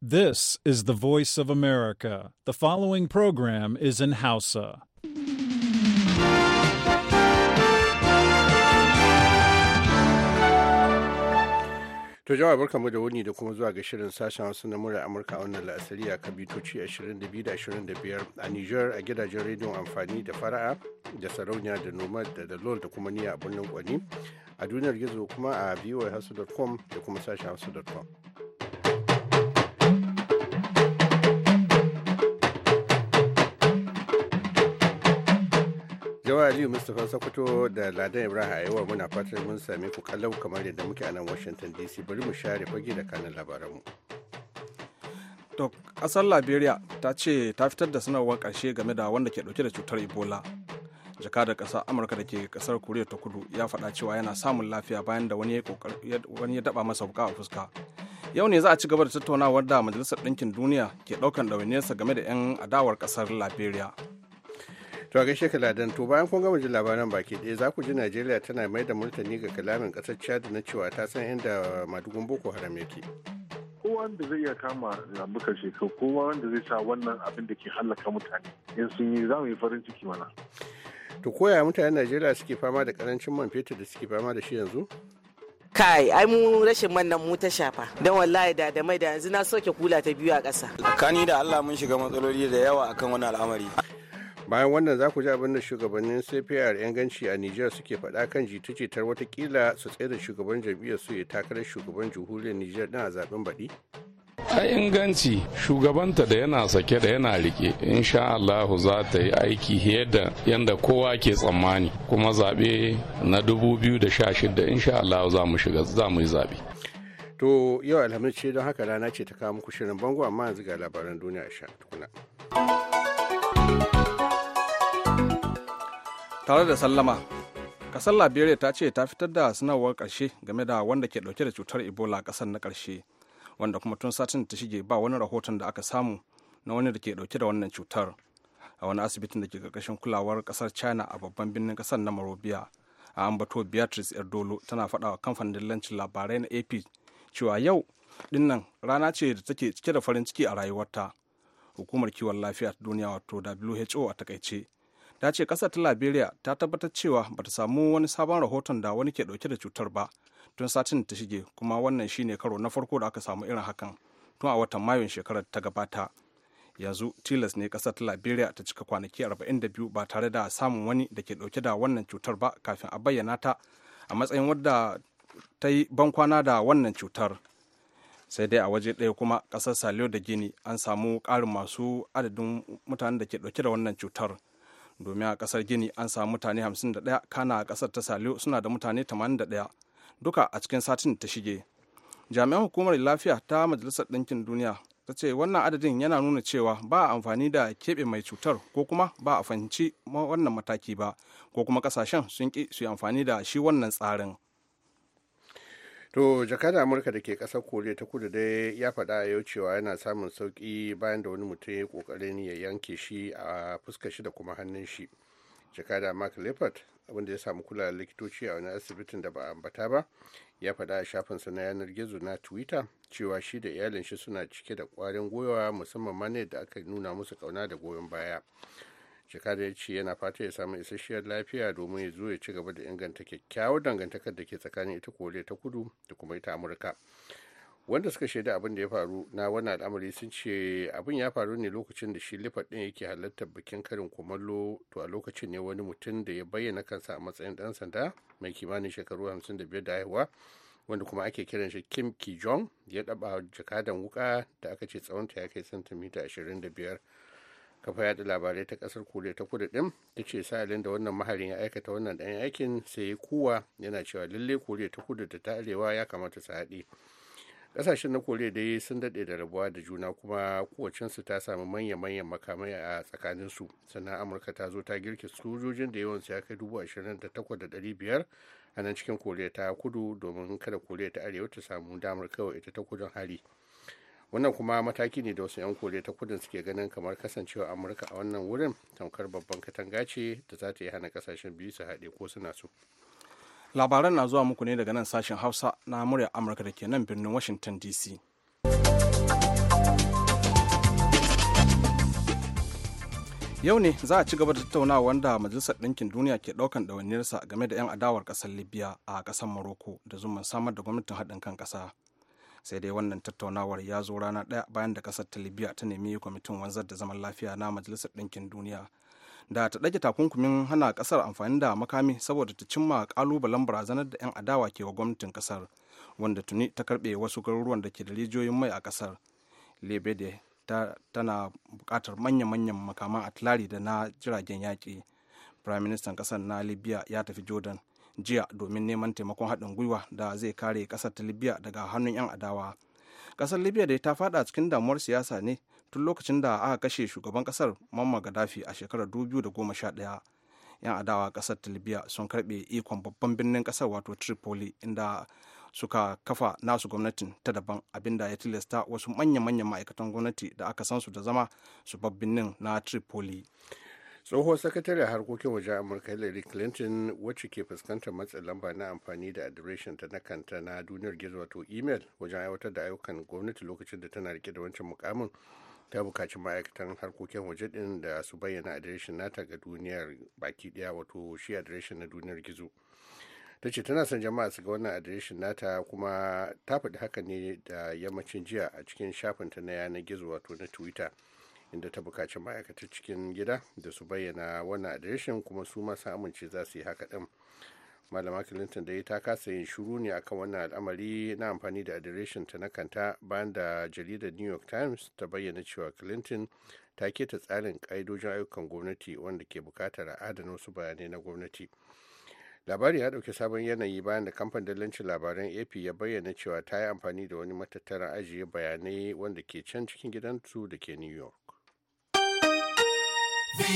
This is the voice of America. The following program is in Hausa. To jawa barkamu da wuni da kuma zuwa ga shirin sashen Hausa na murar Amurka a wannan la'asari a kan 22 25 a Nijar a gidajen rediyon amfani da fara'a da sarauniya da noma da dalol da kuma niyya a birnin kwani a duniyar gizo kuma a voahasu.com da kuma sashen Jawa Aliyu Mustapha Sokoto da Ladan Ibrahim yawa muna fatan mun sami ku kallau kamar yadda muke a nan Washington DC bari mu share fage da kanan labaranmu. To, ƙasar Liberia ta ce ta fitar da sanarwar karshe game da wanda ke dauke da cutar Ebola. jakadar ƙasar amurka da ke kasar koriya ta kudu ya faɗa cewa yana samun lafiya bayan da wani ya daba masa wuka a fuska yau ne za a ci gaba da tattaunawar da majalisar ɗinkin duniya ke ɗaukan ɗawainiyarsa game da 'yan adawar ƙasar liberia To gaishe kaladan to bayan kun gama jin labaran baki ɗaya za ku ji Najeriya tana mai da martani ga kalamin ƙasar Chad na cewa ta san inda madugun Boko Haram yake. Kowa wanda zai iya kama lambukar shekaru kowa wanda zai sa wannan abin da ke halaka mutane in sun yi za mu yi farin ciki mana. To koya mutanen Najeriya suke fama da karancin man fetur da suke fama da shi yanzu? kai ai mu rashin man nan mu ta shafa don wallahi da da mai da yanzu na soke kula ta biyu a ƙasa. Kani da Allah mun shiga matsaloli da yawa akan wani al'amari. bayan wannan za ku ji abin da shugabannin cpr yanganci a niger suke faɗa kan jita-jitar watakila su tsaye da shugaban jam'iyyar su ya takarar shugaban jamhuriyar niger din a zaben baɗi a inganci shugabanta da yana sake da yana rike insha Allahu za ta yi aiki yadda yadda kowa ke tsammani kuma zaɓe na 2016 insha Allahu za mu shiga za mu yi zaɓe to yau alhamis ce don haka rana ce ta kawo muku shirin bango amma yanzu ga labaran duniya a sha tukuna tare da sallama kasar liberia ta ce ta fitar da sanarwar karshe game da wanda ke dauke da cutar ebola a kasar na karshe wanda kuma tun satin ta shige ba wani rahoton da aka samu na wani da ke dauke da wannan cutar a wani asibitin da ke karkashin kulawar kasar china a babban birnin kasar na morobia a ambato beatrice erdolo tana faɗa kamfanin dillancin labarai na ap cewa yau dinnan rana ce da take cike da farin ciki a rayuwarta hukumar kiwon lafiya ta duniya wato who a takaice ta ce kasar ta liberia ta tabbatar cewa ba ta samu wani sabon rahoton da wani ke dauke da cutar ba tun satin ta shige kuma wannan shine karo na farko da aka samu irin hakan tun a watan mayun shekarar ta gabata yanzu tilas ne kasar ta liberia ta cika kwanaki 42 ba tare da samun wani da ke dauke da wannan cutar ba kafin a bayyana ta a matsayin wadda ta yi bankwana da wannan cutar sai dai a waje ɗaya kuma ƙasar saliyo da gini an samu ƙarin masu adadin mutanen da ke ɗauke da wannan cutar domin a kasar gini an samu mutane 51 kana a kasar ta saliyo suna da mutane 81 duka a cikin satin ta shige jami'an hukumar lafiya ta majalisar ɗinkin duniya ta ce wannan adadin yana nuna cewa ba a amfani da keɓe mai cutar ko kuma ba a fahimci wannan mataki ba ko kuma kasashen sun ƙi su yi amfani da shi wannan tsarin To jakadar Amurka da ke kasar Koriya ta kudu dai ya faɗa a yau cewa yana samun sauƙi bayan da wani mutum ya yi ƙoƙarin ya yanke shi a fuskar shi da kuma hannun shi. Jakada Mark Leopard wanda ya samu kula likitoci a wani asibitin da ba a ambata ba ya faɗa a shafin sa na yanar gizo na Twitter cewa shi da iyalin shi suna cike da kwarin gwiwa musamman ma ne da aka nuna musu kauna da goyon baya. jakada ya ce yana fata ya samu isasshiyar lafiya domin ya zo ya ci gaba da inganta kyakkyawar dangantakar da ke tsakanin ita koriya ta kudu da kuma ita amurka wanda suka shaida abin da ya faru na wannan al'amari sun ce abin ya faru ne lokacin da shi lifat din yake halartar bikin karin kumallo to a lokacin ne wani mutum da ya bayyana kansa a matsayin dan sanda mai kimanin shekaru 55 da haihuwa wanda kuma ake kiran shi kim ki jong ya daba jakadan wuka da aka ce tsawonta ya kai santimita 25 kafa yada labarai ta kasar koriya ta kudu din ta ce sa'ilin da wannan maharin ya aikata wannan ɗan aikin sai ya kuwa yana cewa lalle koriya ta kudu da ta arewa ya kamata su haɗe kasashen na koriya dai sun daɗe da rabuwa da juna kuma kowacinsu ta sami manya-manyan makamai a tsakaninsu sannan amurka ta zo ta girke sojojin da yawan ya kai dubu ashirin da takwas da ɗari biyar a nan cikin koriya ta kudu domin kada koriya ta arewa ta samu damar kawai ita ta kudun hari wannan kuma mataki ne da wasu 'yan koriya ta kudin suke ganin kamar kasancewa amurka a wannan wurin tamkar babban katanga ce da za ta yi hana kasashen biyu su haɗe ko suna so labaran na zuwa muku ne daga nan sashen hausa na murya amurka da ke nan birnin washington dc yau ne za a ci gaba da tattaunawa wanda majalisar ɗinkin duniya ke ɗaukan ɗawainiyarsa game da 'yan adawar ƙasar libya a ƙasar morocco da zuman samar da gwamnatin haɗin kan ƙasa sai dai wannan tattaunawar ya zo rana ɗaya bayan da ƙasar ta libya ta nemi kwamitin wanzar da zaman lafiya na majalisar ɗinkin duniya da ta ɗage takunkumin hana ƙasar amfani da makami saboda ta cimma ƙalubalen barazanar da 'yan adawa ke wa gwamnatin ƙasar wanda tuni ta karɓe wasu garuruwan da ke da rijiyoyin mai a ƙasar lebede tana buƙatar manya-manyan makaman atilari da na jiragen yaƙi prime ministan ƙasar na libya ya tafi jordan jiya domin neman taimakon haɗin gwiwa da zai kare ƙasar ta libya daga hannun 'yan adawa ƙasar libya da ta fada cikin damuwar siyasa ne tun lokacin da aka kashe shugaban ƙasar mamma gaddafi a shekarar da goma sha ɗaya 'yan adawa ƙasar ta libya sun karɓe ikon babban birnin ƙasar wato tripoli inda suka kafa nasu gwamnatin ta daban abinda ya tilasta wasu manya-manyan ma'aikatan gwamnati da aka san su da zama su babbin na tripoli tsohuwar sakatare harkokin waje amurka hillary clinton wacce ke fuskantar matsin lamba na amfani da adireshin ta na kanta na duniyar gizo wato email wajen aiwatar da ayyukan gwamnati lokacin da tana rike da wancan mukamin ta bukaci ma'aikatan harkokin waje din da su bayyana adireshin nata ga duniyar baki daya wato shi adireshin na duniyar gizo ta ce tana son jama'a su ga wannan adireshin nata kuma ta faɗi haka ne da yammacin jiya a cikin shafinta na yanar gizo wato na twitter inda ta bukaci ma'aikatar cikin gida da su bayyana wannan adireshin kuma su masu amince za su yi haka ɗin malama clinton da ta kasa yin shuru ne akan wannan al'amari na amfani da adireshin ta na kanta bayan da jaridar new york times ta bayyana cewa clinton ta keta tsarin ƙa'idojin ayyukan gwamnati wanda ke bukatar adana wasu bayanai na gwamnati labari ya ɗauki sabon yanayi bayan da kamfan dalancin labaran ap ya bayyana cewa ta yi amfani da wani matattaran ajiye bayanai wanda ke can cikin gidansu da ke new york To mun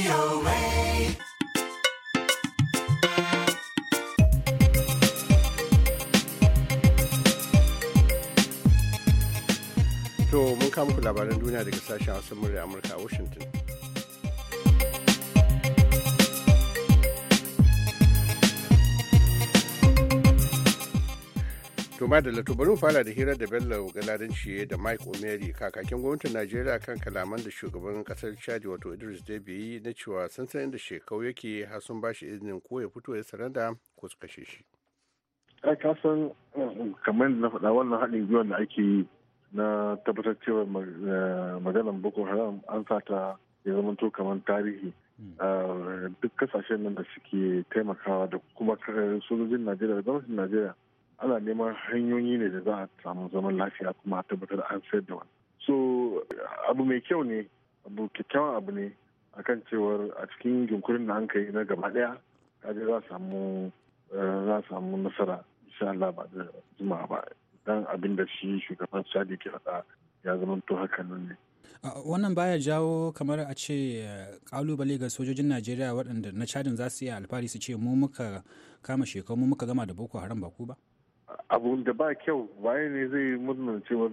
kama ku labaran duniya daga sashen Hausa da Amurka a Washington. To da latu bari fara da hira da Bello Galadanci da Mike Omeri kakakin gwamnatin Najeriya kan kalaman da shugaban kasar Chad wato Idris Deby yi na cewa sun san inda shekau yake har sun ba shi izinin ko ya fito ya saranda ko su kashe shi. Ai ka san um, kamar na faɗa wannan haɗin gwiwa da ake yi na tabbatar cewa eh, maganan Boko Haram an sata ya zama to kamar tarihi hmm. ah, duk kasashen nan da suke taimakawa da kuma eh, sojojin Najeriya da gwamnatin Najeriya ana neman hanyoyi ne da za a samu zaman lafiya kuma a tabbatar an sayar da wani so abu mai kyau ne abu kyakkyawan abu ne akan cewar a cikin yunkurin da an kai na gaba daya kaje za samu eh, za samu nasara insha Allah ba da juma'a ba dan abin da shi shugaban sadi ke faɗa ya zama to hakan nan ne wannan baya jawo kamar a ce kalubale eh, ga sojojin najeriya waɗanda na cadin za su iya alfahari su ce mu muka kama shekaru mu muka gama da boko haram ba ku ba abun da ba kyau waye ne zai murnar cewar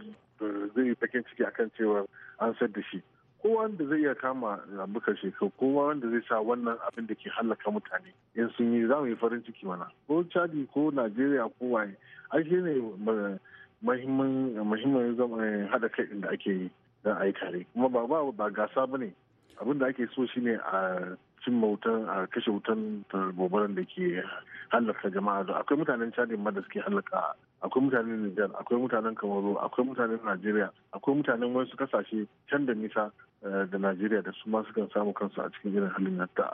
zai yi bakin ciki akan cewar an sar da shi kowa wanda zai iya kama ramukan shekaru kowa wanda zai sa wannan abin da ke hallaka mutane in sun yi za mu yi farin ciki mana ko chadi ko najeriya ko waye ai zama ne muhimmin haɗa kai da ake yi don aikare kuma ba ba gasa ba ne abin da ake so shine a cimma wutan a kashe wutan gobaran da ke hallaka jama'a da akwai mutanen chadin ma da suke hallaka akwai mutanen Nijar akwai mutanen Kamaru akwai mutanen Najeriya akwai mutanen wasu kasashe can da nisa eh, da Najeriya da su ma sukan samu kansu a cikin irin halin ta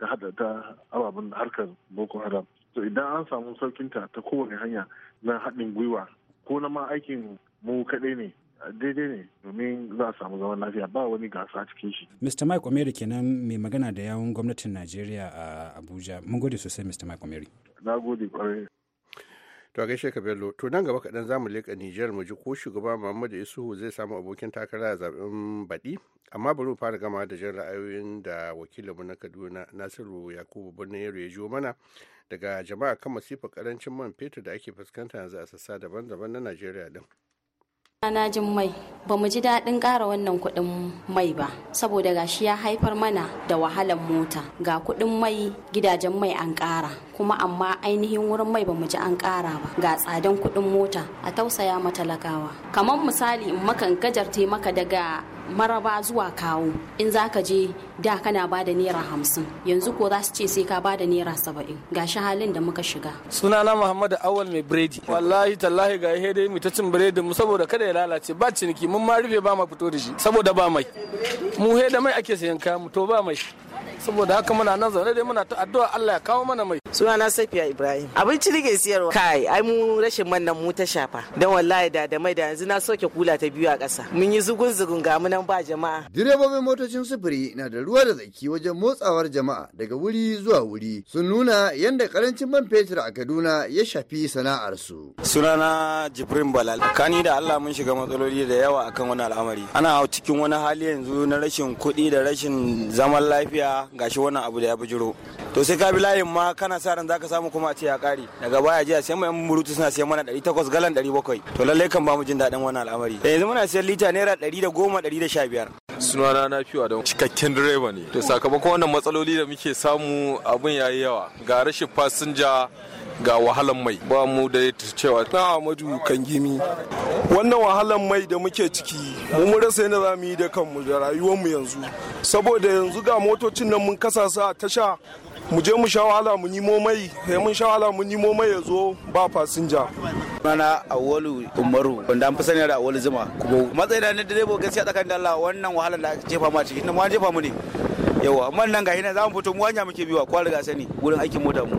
hada ta ababen harkar Boko Haram to idan an samu saukinta ta kowane hanya na haɗin gwiwa ko na ma aikin mu kaɗai ne daidai ne domin za a samu zaman lafiya ba wani gasa cikin shi. Mr. Mike Omeri kenan mai magana da yawun gwamnatin Najeriya a Abuja. Mun gode sosai Mr. Mike Omeri. Na gode kwarai. To gaishe ka Bello, to nan gaba kaɗan za mu leƙa Nijar mu ji ko shugaba Muhammadu Isuhu zai samu abokin takara a zaɓen baɗi. Amma bari mu fara gama da jin ra'ayoyin da wakilinmu na Kaduna Nasiru Yakubu Birnin Yaro ya jiwo mana daga jama'a kan masifa karancin man fetur da ake fuskanta yanzu a sassa daban-daban na Najeriya din. na jin mai ba mu ji daɗin ƙara wannan kuɗin mai ba saboda ga shi ya haifar mana da wahalar mota ga kuɗin mai gidajen mai an ƙara kuma amma ainihin wurin mai ba mu ji an ƙara ba ga tsadan kuɗin mota a tausaya matalakawa kamar misali in makan gajar maka daga maraba zuwa kawo in za ka je da kana ba da naira hamsin yanzu ko za su ce sai ka ba da naira saba'in ga shi halin da muka shiga sunana muhammadu awal mai biredi wallahi tallahi ga ihe dai ta cin biredi mu saboda kada ya lalace ba ciniki mun ma rufe ba ma fito da shi saboda ba mai mu he da mai ake sayan kaya mu to ba mai saboda haka muna nan zaune dai muna ta addu'a Allah ya kawo mana mai sunana safiya ibrahim abinci nake siyarwa kai ai mu rashin man nan mu ta shafa dan wallahi da da mai da yanzu na soke kula ta biyu a ƙasa mun yi zugun zugun ga nan ba jama'a direbobin motocin sufuri na da ruwa da tsaki wajen motsawar jama'a daga wuri zuwa wuri sun nuna yadda karancin man fetur a kaduna ya shafi sana'ar su sunana jibrin balal kani da allah mun shiga matsaloli da yawa akan wani al'amari ana cikin wani hali yanzu na rashin kuɗi da rashin zaman lafiya gashi wannan abu da ya bijiro to sai ka bi layin ma kana sa ran zaka samu kuma a ce ya kare daga baya jiya sai mu yan murutu suna siyan mana 800 galan 700 to lallai kan ba mu jin daɗin wannan al'amari eh, yanzu muna siyan lita naira 110 115 Suna na fiwa da cikakken direba ne to sakamakon wannan matsaloli da muke samu abin yayi yawa ga rashin fasinja ga wahalan mai ba mu da cewa na amadu kan gimi wannan wahalan mai da muke ciki mu mu rasa yadda za mu yi da kanmu da rayuwarmu yanzu saboda yanzu ga motocin nan mun kasa su a tasha mu je mu sha wahala mu yi mai sai mun sha wahala mu nemo mai ya zo ba fasinja mana awolu umaru wanda an fi sani da awolu zuma kuma matsayi da na direba gaskiya tsakanin da Allah wannan wahala da ake jefa ma ciki mu an jefa mu ne yawa amma nan ga hina za mu fito mu hanya muke biwa kwa riga sani gurin aikin mota mu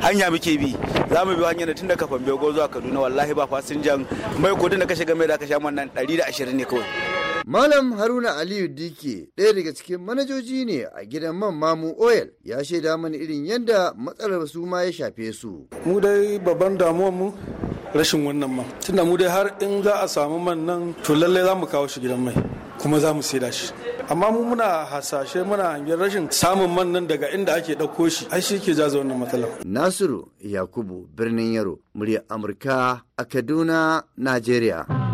hanya muke bi za mu bi hanyar tun da kafan bego zuwa kaduna wallahi ba fasinjan mai kodin da ka shiga mai da ka sha man nan 120 ne kawai Malam Haruna Aliyu Dike ɗaya daga cikin manajoji ne a gidan man Mamu Oil ya shaida mana irin yadda matsalar su ma ya shafe su. Mu dai babban damuwar mu rashin wannan man. Tunda mu dai har in za a samu man nan to lallai za mu kawo shi gidan mai kuma za mu saida shi. amma mu muna hasashe muna hangen rashin samun man nan daga inda ake ɗauko shi ai shi ke jazo wannan matsalar. Nasiru Yakubu birnin Yaro murya Amurka a Kaduna, Najeriya.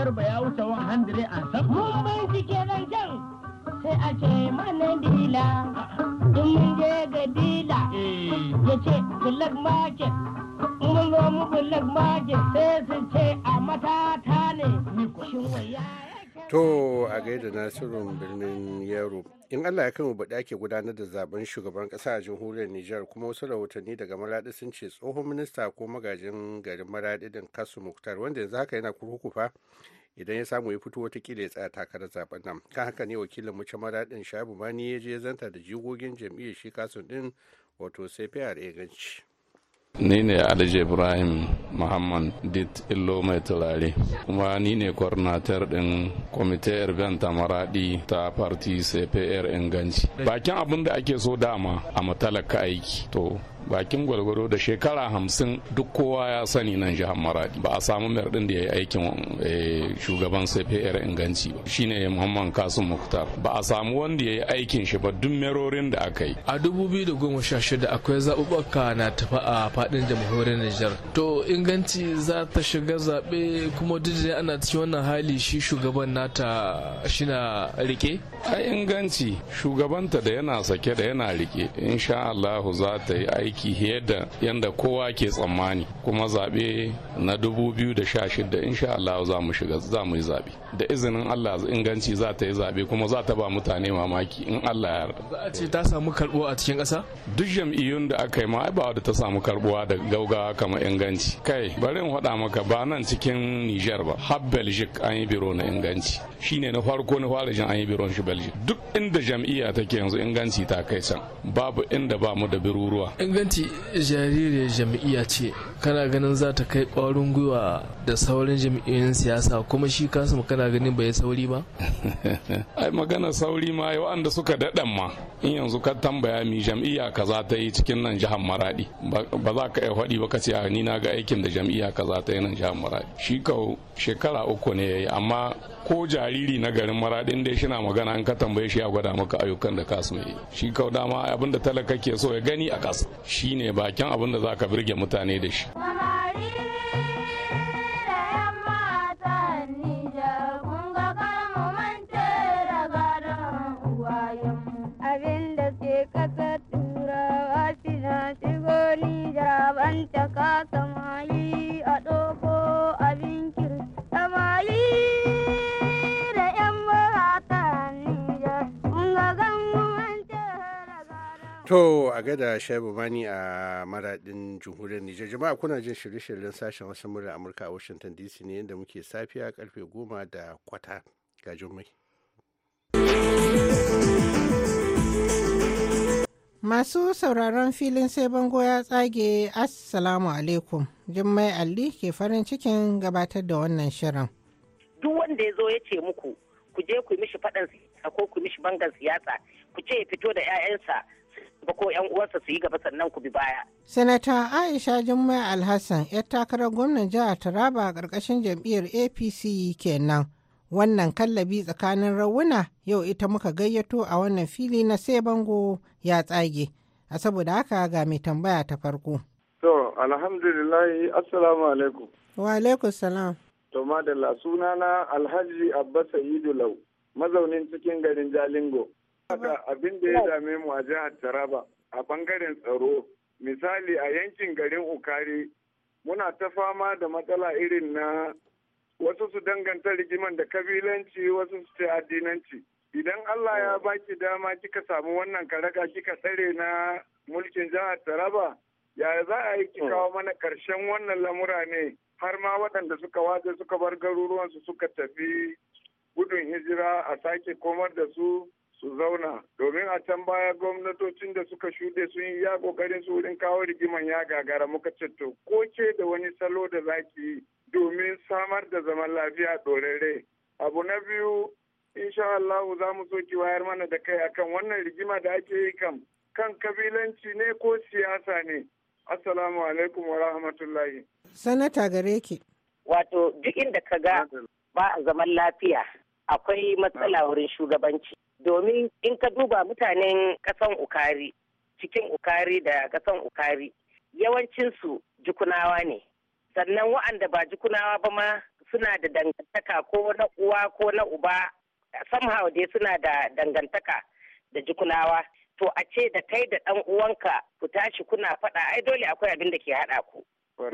garba ya wuce 100 a san. Mun bincike nan can sai a ce mana dila. In mun je ga dila eh. ya ce black make Mun zo mu black make sai su ce a matata ne. Shin waya To a gaida Nasirun birnin Yaro. In Allah ya kama baɗi ake gudanar da zaben shugaban ƙasa a jamhuriyar Nijar kuma wasu rahotanni daga Maraɗi sun ce tsohon minista ko magajin garin Maraɗi din Kasu Muktar wanda yanzu haka yana kurkuku fa idan ya samu ya fito watakila ya tsaya takarar zaben nan. Kan haka ne wakilin mu Maraɗin Shabu Mani ya je zanta da jigogin jam'iyyar shi Kasu din wato sai ganci. Ni ne Alhaji Ibrahim Muhammad Dit Illo mai turare kuma ni ne coordinator din kwamitin Erben Tamaradi ta parti CPR inganci. Bakin abin da ake so dama a matalaka aiki to bakin gwargwaro da shekara hamsin duk kowa ya sani nan jihar maradi ba a samu mayar din da ya yi aikin eh, shugaban cpr inganci ba shine muhammad kasim muktar ba a samu wanda ya yi aikin shi ba duk merorin da aka yi a 2016 akwai zaɓuɓɓuka na tafi a faɗin jamhuriyar nijar to inganci za ta shiga zaɓe kuma duk da ana cikin wannan hali shi shugaban nata shi na rike a inganci shugabanta da yana sake da yana rike insha allahu za ta yi aiki fiye da yadda kowa ke tsammani kuma zaɓe na 2016 insha Allah za mu shiga za mu yi zaɓe. da izinin Allah inganci za ta yi zaɓe kuma za ta ba mutane mamaki in Allah ya Za a ce ta samu karɓuwa a cikin ƙasa? Duk jam'iyyun da aka yi ma ba da ta samu karbuwa da gaugawa kama inganci. Kai bari in faɗa maka ba nan cikin Nijar ba har Belgic an yi biro na inganci. Shine na farko na fara jin an yi biron shi Belgic. Duk inda jam'iyya take yanzu inganci ta kai can babu inda ba mu da biruruwa. Inganci jaririyar jam'iyya ce kana ganin za ta kai ƙwarin gwiwa da sauran jam'iyyun siyasa kuma shi kasu kana kana ganin bai sauri ba ai magana sauri ma yau an suka daɗan ma in yanzu ka tambaya mi jam'iyya kaza ta yi cikin nan jihar maradi ba za ka iya faɗi ba ka ce ni na ga aikin da jam'iyya kaza ta yi nan jihar maradi shi kau shekara uku ne yayi amma ko jariri na garin maradin shi shina magana an ka tambaye shi ya gwada maka ayyukan da kasu mai shi kau dama abin talaka ke so ya gani a kasa shine bakin abin da za ka birge mutane da shi. Samari To a gada Shaibu Mani a maradin jamhuriyar Nijar. Jama'a kuna jin shirye-shiryen sashen wasu murar Amurka a Washington DC ne yadda muke safiya karfe goma da kwata ga jummai. Masu sauraron filin sai bango ya tsage Assalamu alaikum. Jummai Ali ke farin cikin gabatar da wannan shirin. Duk wanda ya zo ya ce muku ku je ku mishi faɗan siyasa ko ku mishi bangan siyasa ku ce ya fito da 'ya'yansa ba ko yan uwarsa su yi gaba sannan ku bi baya. Sanata Aisha Jummai Alhassan yar takarar gwamnan jihar Taraba a ƙarƙashin jam'iyyar APC kenan. Wannan kallabi tsakanin rawuna yau ita muka gayyato a wannan fili na sai bango ya tsage. A saboda haka ga mai tambaya ta farko. To, alhamdulillahi, assalamu alaikum. Wa alaikum salam. To, madalla sunana Alhaji Abba Sayyidu Lau, mazaunin cikin garin Jalingo. Haka abin da ya dame mu a jihar Taraba a bangaren tsaro misali a yankin garin Ukari muna ta fama da matsala irin na wasu su danganta rigiman da kabilanci wasu su ce addinanci. Idan Allah ya oh. baki dama kika samu wannan karaka kika tsare na mulkin jihar Taraba yaya za a yi ki oh. kawo mana karshen wannan lamura ne har ma waɗanda suka waje suka bar garuruwansu suka tafi gudun hijira a sake komar da su su zauna domin a can baya gwamnatocin da suka shuɗe sun yi ya ƙoƙarin su wurin kawo rigiman ya gagara muka ce to ko ke da wani salo da zaki yi domin samar da zaman lafiya ɗorere abu na biyu insha Allah za mu so ki wayar mana da kai akan wannan rigima da ake yi kam kan kabilanci ne ko siyasa ne assalamu alaikum wa rahmatullahi sanata gare ki wato duk inda ka ga ba zaman lafiya akwai matsala wurin shugabanci domin in ka duba mutanen kasan ukari cikin ukari da kasan ukari yawancinsu jukunawa ne sannan wa'anda ba jukunawa ba ma suna da dangantaka ko na uwa ko na uba somehow dai suna da dangantaka da jukunawa to a ce da kai da dan uwanka ku tashi kuna faɗa ai dole akwai abin da ke haɗa ku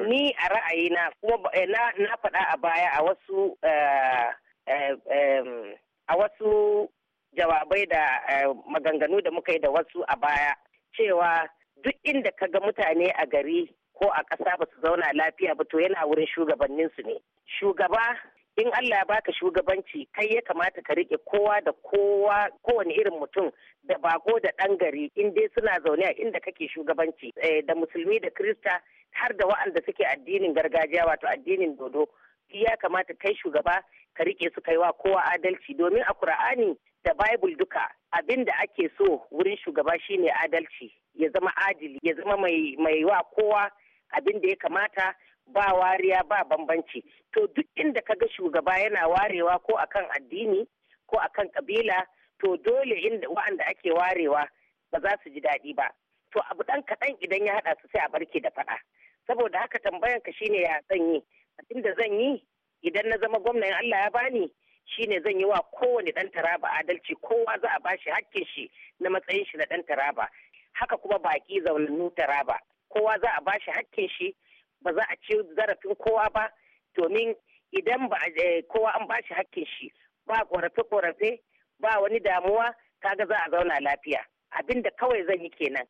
ni a ra'ayina kuma eh, na faɗa a baya a wasu eh, eh, a wasu jawabai da eh, maganganu da muka yi da wasu a baya cewa duk inda ka ga mutane a gari ko a ƙasa ba su zauna lafiya ba to yana wurin shugabanninsu ne. Shugaba in Allah ya baka shugabanci kai ya kamata ka rike kowa da kowa kowane irin mutum da bako da ɗan gari in dai suna zaune a inda kake shugabanci eh, da musulmi da krista har da wa'anda suke addinin gargajiya wato addinin dodo ya kamata kai shugaba ka rike su kaiwa kowa adalci domin a kur'ani da bible duka abin da ake so wurin shugaba shine adalci ya zama adili ya zama mai mai wa kowa abin da ya kamata ba wariya ba bambanci to duk inda kaga shugaba yana warewa ko akan addini ko akan kabila to dole inda wa'anda ake warewa ba za su ji daɗi ba to abu ɗan kaɗan idan ya haɗa su sai a barke da faɗa saboda haka tambayanka shine ya zan yi abin da zan yi idan na zama gwamnan Allah ya bani shine zan yi wa kowane ɗan taraba adalci kowa za a bashi hakkin shi na matsayin shi na ɗan taraba haka kuma baƙi zaunannu taraba kowa za a bashi hakkin shi ba za a ci zarafin kowa ba domin idan ba eh, kowa an bashi hakkin shi ba korafe-korafe ba wani damuwa kaga za a zauna lafiya abinda kawai zan yi kenan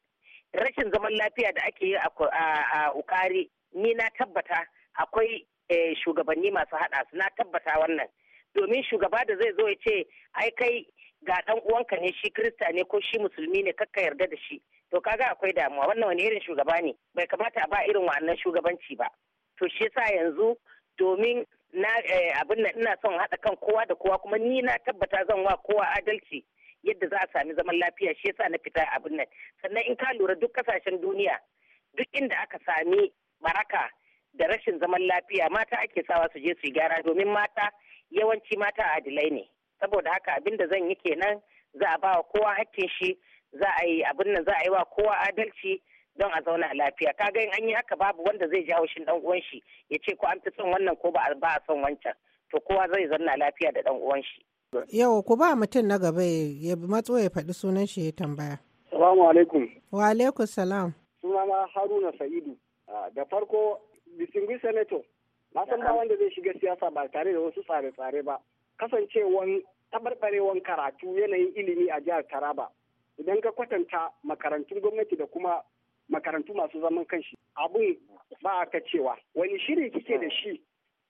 rashin zaman lafiya da ake yi a ukari ni na tabbata akwai eh, shugabanni masu haɗa su na tabbata wannan domin shugaba da zai zo ya ce ai kai ga dan uwanka ne shi krista ne ko shi musulmi ne kakka yarda da shi to kaga akwai damuwa wannan wani irin shugaba ne bai kamata a ba irin wannan shugabanci ba to shi yasa yanzu domin na eh, abin nan ina son haɗa kan kowa da kowa kuma ni na tabbata zan wa kowa adalci yadda za a sami zaman lafiya shi yasa na fita abin nan sannan in ka lura duk kasashen duniya duk inda aka sami baraka da rashin zaman lafiya mata ake sawa su je su yi gyara domin mata yawanci mata adilai ne saboda haka abin da zan yi kenan za a bawa kowa hakkin shi za a yi abin nan za a yi wa kowa adalci don a zauna lafiya kaga in an yi haka babu wanda zai ji haushin dan uwan shi ya ce ko an fi son wannan ko ba a son wancan to kowa zai zanna lafiya da dan uwan shi yau ku ba mutum na gaba ya matso ya faɗi sunan shi ya tambaya salamu alaikum wa alaikum salam sunana haruna sa'idu ah, da farko distinguished senator na san ba wanda zai shiga siyasa ba tare da wasu tsare-tsare ba kasancewan tabarbarewan karatu yanayin ilimi a jihar taraba idan ka kwatanta makarantun gwamnati da kuma makarantu masu zaman kanshi abun ba a ka cewa wani shiri kike da shi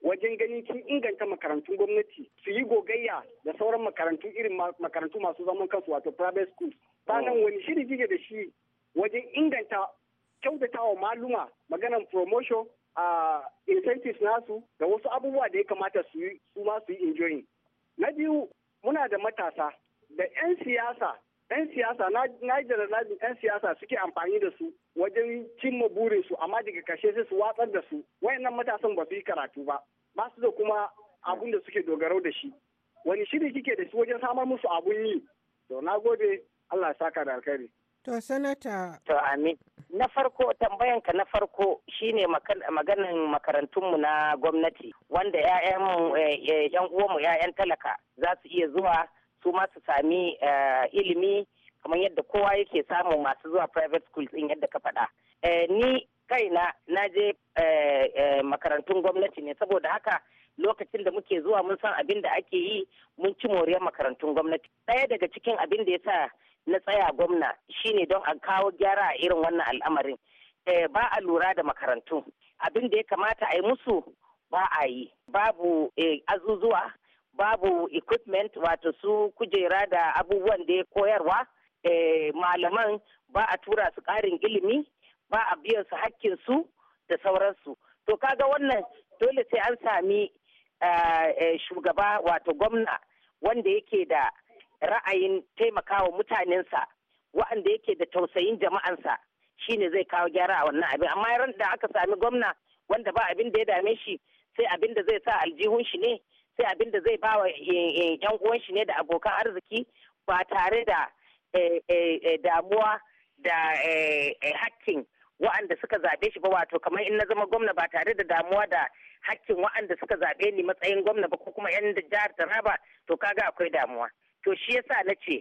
wajen ganin kin inganta makarantun gwamnati su yi gogayya da sauran makarantu irin makarantu masu zaman kansu wato private schools sannan oh. wani shiri kike da shi wajen inganta kyautatawa maluma maganan promotion a incentives nasu da wasu abubuwa da ya kamata su yi su ma su yi enjoying na biyu muna da matasa da 'yan siyasa 'yan siyasa na jararrajin 'yan siyasa suke amfani da su wajen cimma burin su amma daga kashe sai su watsar da su wayannan matasan ba su yi karatu ba ba su da kuma abun da suke dogaro da shi wani shiri kike da shi wajen samar musu abun yi to na gode Allah ya saka da alkhairi To sanata. To amin. Na farko tambayanka na farko shine maganin makarantunmu na gwamnati wanda uwa eh, eh, uwanmu 'ya'yan talaka za su iya zuwa su ma su sami eh, ilimi kamar yadda kowa yake samu masu zuwa private schools in yadda ka faɗa. Ni kaina na je makarantun gwamnati ne saboda haka lokacin da muke zuwa mun san abin da ake yi mun ci moriyar makarantun gwamnati. Ɗaya daga cikin abin da ya sa na tsaya gwamna shine don a kawo gyara a irin wannan al'amarin eh, ba a lura da makarantu abin da ya kamata a yi musu ba a yi babu eh, azuzuwa babu equipment wato su kujera da abubuwan da ya koyarwa eh, malaman ba a tura su ƙarin ilimi ba a biyan su hakkin su da sauransu to kaga wannan dole sai an sami shugaba wato gwamna wanda yake da ra'ayin taimakawa mutanensa wa'anda yake da tausayin jama'ansa shi ne zai kawo gyara a wannan abin amma ran da aka sami gwamna wanda ba abin da ya dame shi sai abin da zai sa aljihun shi ne sai abin da zai bawa eh, eh, yan uwan shi ne da abokan arziki ba tare da eh, damuwa da hakkin wa'anda suka zaɓe shi ba wato kamar in na zama gwamna ba tare da damuwa da hakkin wa'anda suka zaɓe ni matsayin gwamna ba ko kuma 'yan jihar Taraba to kaga akwai damuwa. to shi yasa na ce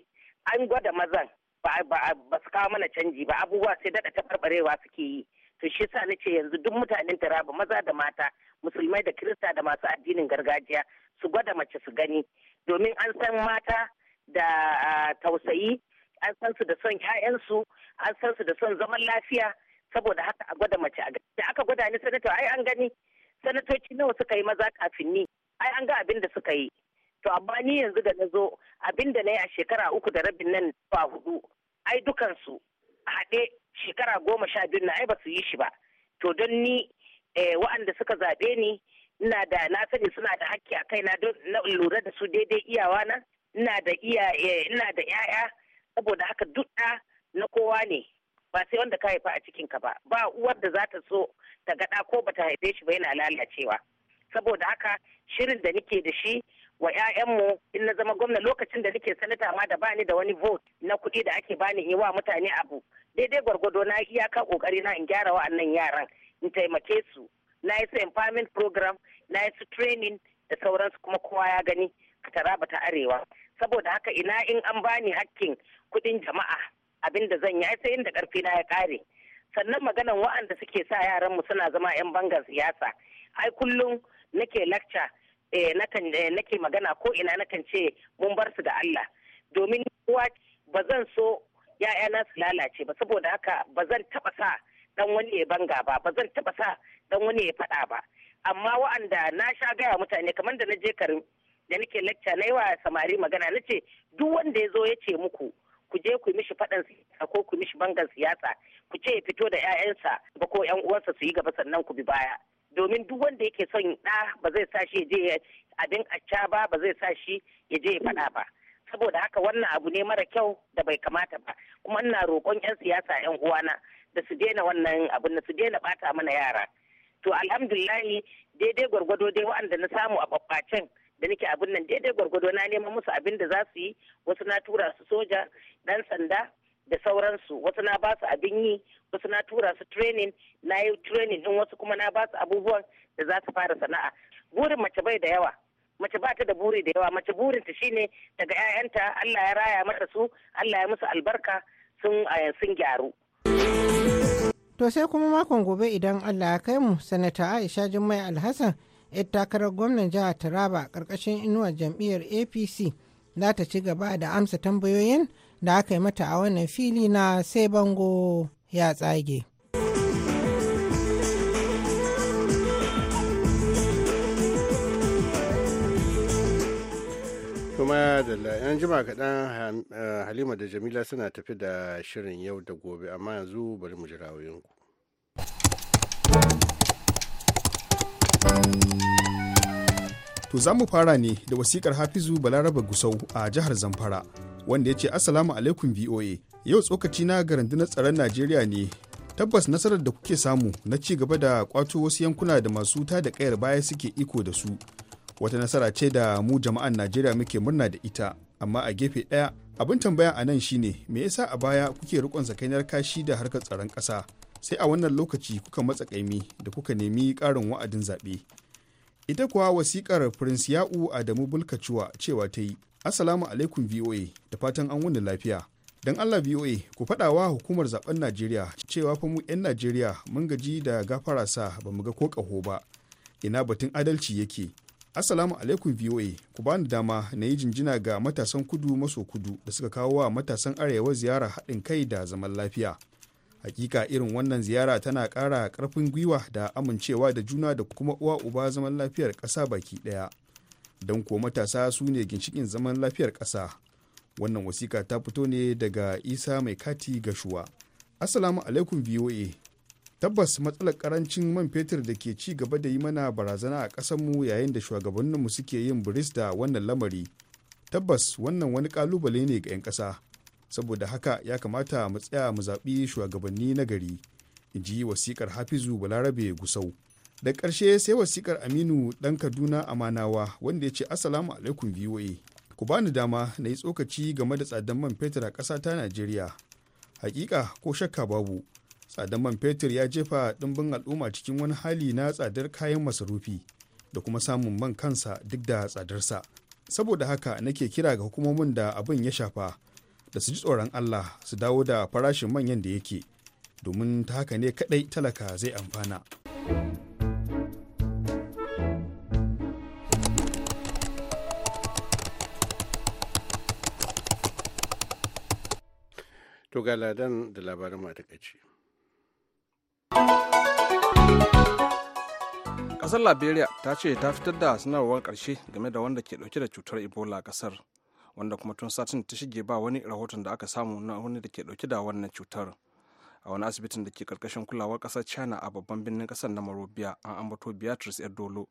an gwada mazan ba su kawo mana canji ba abubuwa sai daɗa taɓarɓarewa suke yi to shi yasa na ce yanzu duk mutanen taraba maza da mata musulmai da kirista da masu addinin gargajiya su gwada mace su gani domin an san mata da tausayi an san su da son ƴaƴansu, an san su da son zaman lafiya saboda haka a gwada mace a gani aka gwada ni sanato ai an gani sanatoci nawa suka yi maza kafin ni ai an ga abin da suka yi to amma ni yanzu da na zo abin da na yi a shekara uku da rabin nan ba hudu ai dukansu haɗe shekara goma sha biyu na ai ba su yi shi ba to don ni eh, wa'anda suka zaɓe ni ina da na sani suna da hakki a kaina na lura da su daidai iyawa na ina da iya eh, ina da ƴaƴa saboda haka duk ɗa na kowa ne ba sai wanda ka haifa a cikin ka ba ba uwar da za ta so ta gaɗa ko bata haife shi ba yana lalacewa saboda haka shirin da nake da shi wa 'ya'yanmu in na zama gwamna lokacin da nake sanata ma da bani da wani vote na kuɗi da ake bani in yi wa mutane abu daidai gwargwado na iyaka kokari na in gyara wa'annan yaran in taimake su na yi su empowerment program na yi su training da sauransu kuma kowa ya gani a taraba ta arewa saboda haka ina in an bani hakkin kuɗin jama'a abin da zan yi sai inda karfi na ya kare sannan maganan wa'anda suke sa yaran mu suna zama 'yan bangar siyasa ai kullum nake lecture Eh, eh, nake magana ko ina nakan ce mun bar su da Allah domin uwa ba zan so ‘ya'yana su lalace ba saboda haka ba zan taɓa sa dan wani ya banga ba ba zan taɓa sa dan wani ya faɗa ba amma wa'anda na sha gaya mutane kamar da na je karim da nake lacca na yi wa samari magana na ce duk wanda ya zo ya ce muku ku je ku mishi fadan siyasa ko ku mishi bangan siyasa ku ce ya fito da 'ya'yansa ba ko 'yan uwansa su yi gaba sannan ku bi baya domin duk wanda yake son da ba zai sa shi je abin acca ba ba zai sa shi ya je ya faɗa ba saboda haka wannan abu ne mara kyau da bai kamata ba kuma ina roƙon 'yan siyasa 'yan uwana da su daina wannan abu da su daina bata mana yara to alhamdulillah daidai gwargwado dai wa'anda na samu a babbacin da nake abin nan daidai gwargwado na neman musu abin da za su yi wasu na tura su soja dan sanda da sauransu wasu na ba su abin yi wasu na tura su training na yi training din wasu kuma na ba su abubuwan da za su fara sana'a burin mace bai da yawa mace ba ta da buri da yawa mace burin ta shine daga 'ya'yanta Allah ya raya mata su Allah ya musu albarka sun sun gyaru to sai kuma makon gobe idan Allah ya kai mu sanata Aisha Jummai Alhassan yar takarar gwamnan jihar Taraba karkashin inuwar jam'iyyar APC za ta ci gaba da amsa tambayoyin da aka yi mata a wannan fili na sai bango ya tsage. kuma da yan jima kaɗan eh, halima da jamila suna tafi da shirin yau da gobe amma yanzu bari mu jira To za mu fara ne da wasikar Hafizu Balaraba Gusau a jihar Zamfara wanda ya ce Assalamu alaikum VOA. Yau tsokaci na ga tsaron Najeriya ne tabbas nasarar da kuke samu na ci gaba da kwato wasu yankuna da masu ta da kayar baya suke iko da su. Wata nasara ce da mu jama'an Najeriya muke murna da ita amma a gefe ɗaya abin tambaya a nan shine me yasa a baya kuke rikon sakainar kashi da harkar tsaron ƙasa sai a wannan lokaci kuka matsa kaimi da kuka nemi ƙarin wa'adin zaɓe. ita kuwa wasikar prince ya'u adamu bulkacuwa cewa ta yi assalamu alaikum voa da fatan an wani lafiya don allah voa ku faɗa wa hukumar zaben najeriya cewa fa mu 'yan najeriya mun gaji da gafara sa ba mu ga ko ƙaho ba ina batun adalci yake assalamu alaikum voa ku bani dama na yi jinjina ga matasan kudu maso kudu da suka kawo wa matasan arewa ziyara haɗin kai da zaman lafiya hakika irin wannan ziyara tana ƙara karfin gwiwa da amincewa da juna da kuma uwa uba zaman lafiyar ƙasa baki ɗaya don kuwa matasa su ne ginshikin zaman lafiyar ƙasa wannan wasiƙa ta fito ne daga isa mai kati gashuwa assalamu alaikum voa tabbas matsalar karancin man fetur da ke ci gaba da yi mana barazana a ƙasarmu yayin da shugabanninmu suke yin biris da wannan lamari tabbas wannan wani ƙalubale ne ga 'yan ƙasa saboda haka ya kamata mu tsaya mu zaɓi shugabanni na gari in ji wasikar hafizu balarabe gusau da ƙarshe sai wasikar aminu ɗan kaduna amanawa wanda ya ce assalamu alaikum voa ku bani dama na yi tsokaci game da tsadan man fetur a ƙasa ta najeriya hakika ko shakka babu tsadan man fetur ya jefa ɗimbin al'umma cikin wani hali na tsadar kayan masarufi da kuma samun man kansa duk da tsadarsa saboda haka nake kira ga hukumomin da abin ya shafa da su ji tsoron Allah su dawo da farashin manyan da yake domin ta haka ne kadai talaka zai amfana. To ga ladan da labarin matakaici. Ƙasar Liberia ta ce ta fitar da sanarwar ƙarshe game da wanda ke ɗauke da cutar Ebola a ƙasar. wanda kuma tun satin ta shige ba wani rahoton da aka samu na wani da ke dauke da wannan cutar a wani asibitin da ke karkashin kulawar kasar china a babban birnin kasar na marobiya an ambato beatrice dolo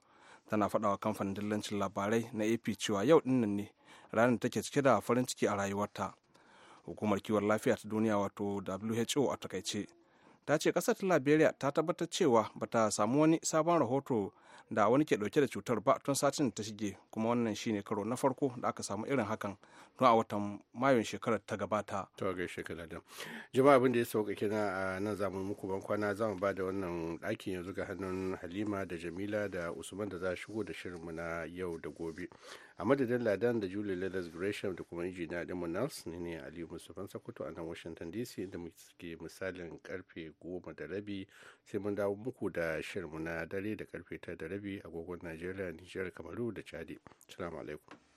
tana faɗawa kamfanin dillancin labarai na ap cewa yau dinnan ne ranar take cike da farin ciki a rayuwarta hukumar kiwon lafiya ta duniya wato who a takaice ta ce kasar liberia ta tabbatar cewa bata samu wani sabon rahoto da wani ke dauke da cutar ba tun satin da ta shige kuma wannan shine karo na farko da aka samu irin hakan tun a watan mayun shekarar ta gabata to ga shekara da jama'a abin da ya sauka kina a nan zamu muku ban kwana zamu ba da wannan ɗakin yanzu ga hannun Halima da Jamila da Usman da za shigo da shirin mu na yau da gobe a madadin Ladan da Julie Ladas Gresham da kuma injiniya Dimu Nels ne ne Aliyu Mustafa Sokoto a nan Washington DC inda muke misalin karfe goma da rabi sai mun dawo muku da shirin mu na dare da karfe 9 da rabi agogon Najeriya, Nijar, Kamaru da Chadi. salamu alaikum.